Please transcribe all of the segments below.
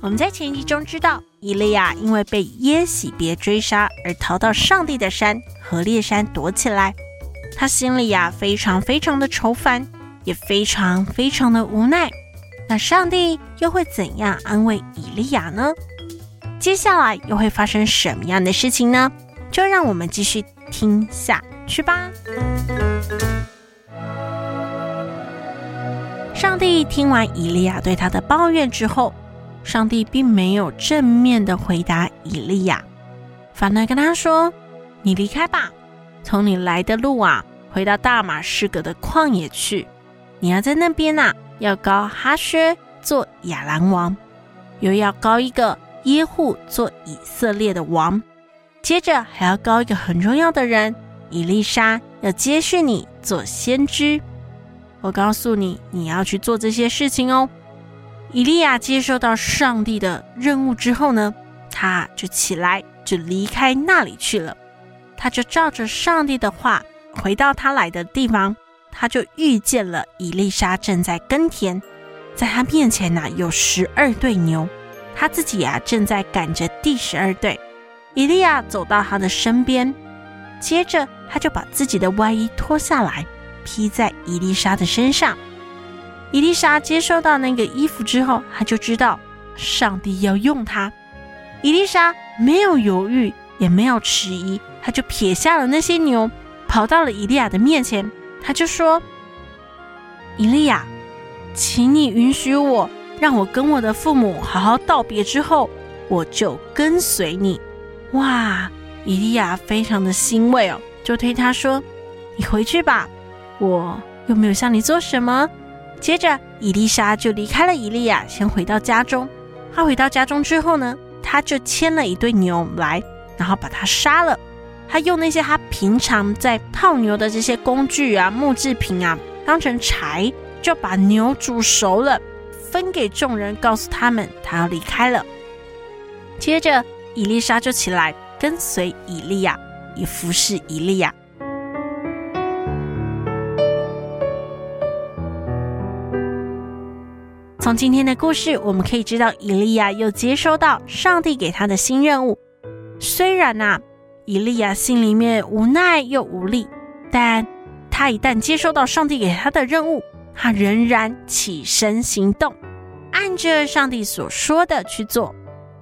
我們在前集中知道，以利亞因為被耶洗別追殺而逃到上帝的山何烈山躲起來，他心裡呀非常非常的愁煩，也非常非常的無奈。那上帝又會怎樣安慰以利亞呢？接下來又會發生什麼樣的事情呢？就讓我們繼續聽下去吧。上帝聽完以利亞對他的抱怨之後，上帝並沒有正面的回答以利亞，反而跟他說：“你離開吧，從你來的路啊，回到大馬士革的曠野去。你要在那邊啊，要膏哈薛做亞蘭王，又要膏一個耶戶做以色列的王。接着還要膏一個很重要的人，以利沙要接續你做先知。我告訴你，你要去做這些事情哦。”以利亞接受到上帝的任務之後呢，他就起來，就離開那裡去了。他就照着上帝的話，回到他來的地方。他就遇見了以利沙正在耕田，在他面前呢、啊、有十二對牛，他自己呀、啊、正在趕着第十二對。以利亞走到他的身邊，接着他就把自己的外衣脫下來，披在以利沙的身上。以利沙接收到那個衣服之後，他就知道上帝要用他。以利沙沒有猶豫，也沒有遲疑，他就撇下了那些牛，跑到了以利亞的面前。他就說：“以利亞，請你允許我，讓我跟我的父母好好道別之後，我就跟隨你。”哇！以利亞非常的欣慰哦，就對他說：“你回去吧，我又沒有向你做什麼。”接着，以利沙就離開了以利亞，先回到家中。他回到家中之後呢，他就牽了一對牛來，然後把它殺了。他用那些他平常在套牛的這些工具啊、木製品啊當成柴，就把牛煮熟了，分給眾人，告訴他們他要離開了。接着，以利沙就起來跟隨以利亞，以服侍以利亞。從今天的故事，我們可以知道，以利亞又接收到上帝給他的新任務。雖然吶、啊，以利亞心裡面無奈又無力，但他一旦接收到上帝給他的任務，他仍然起身行動，按着上帝所說的去做。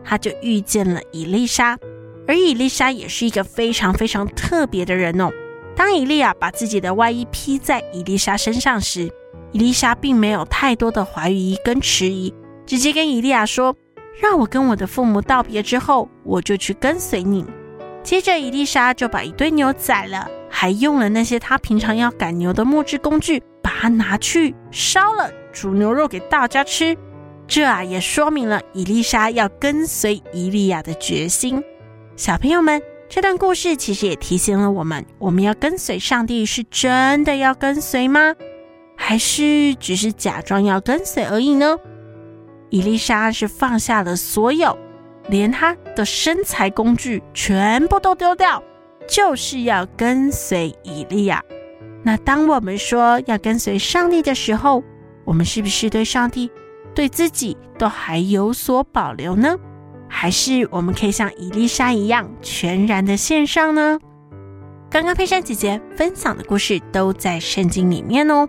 他就遇見了以利沙，而以利沙也是一個非常非常特別的人哦。當以利亞把自己的外衣披在以利沙身上時，以利沙並沒有太多的懷疑跟遲疑，直接跟以利亞說：“讓我跟我的父母道別之後，我就去跟隨你。”接着，以利沙就把一堆牛宰了，還用了那些他平常要趕牛的木質工具，把它拿去燒了，煮牛肉給大家吃。這啊，也說明了以利沙要跟隨以利亞的決心。小朋友們，這段故事其實也提醒了我們：我們要跟隨上帝，是真的要跟隨嗎？還是只是假裝要跟隨而已呢？以利沙是放下了所有，連她的身材工具全部都丟掉，就是要跟隨以利亞。那當我們說要跟隨上帝的時候，我們是不是對上帝、對自己都還有所保留呢？還是我們可以像以利沙一樣全然的獻上呢？剛剛佩珊姐姐分享的故事都在聖經裡面哦。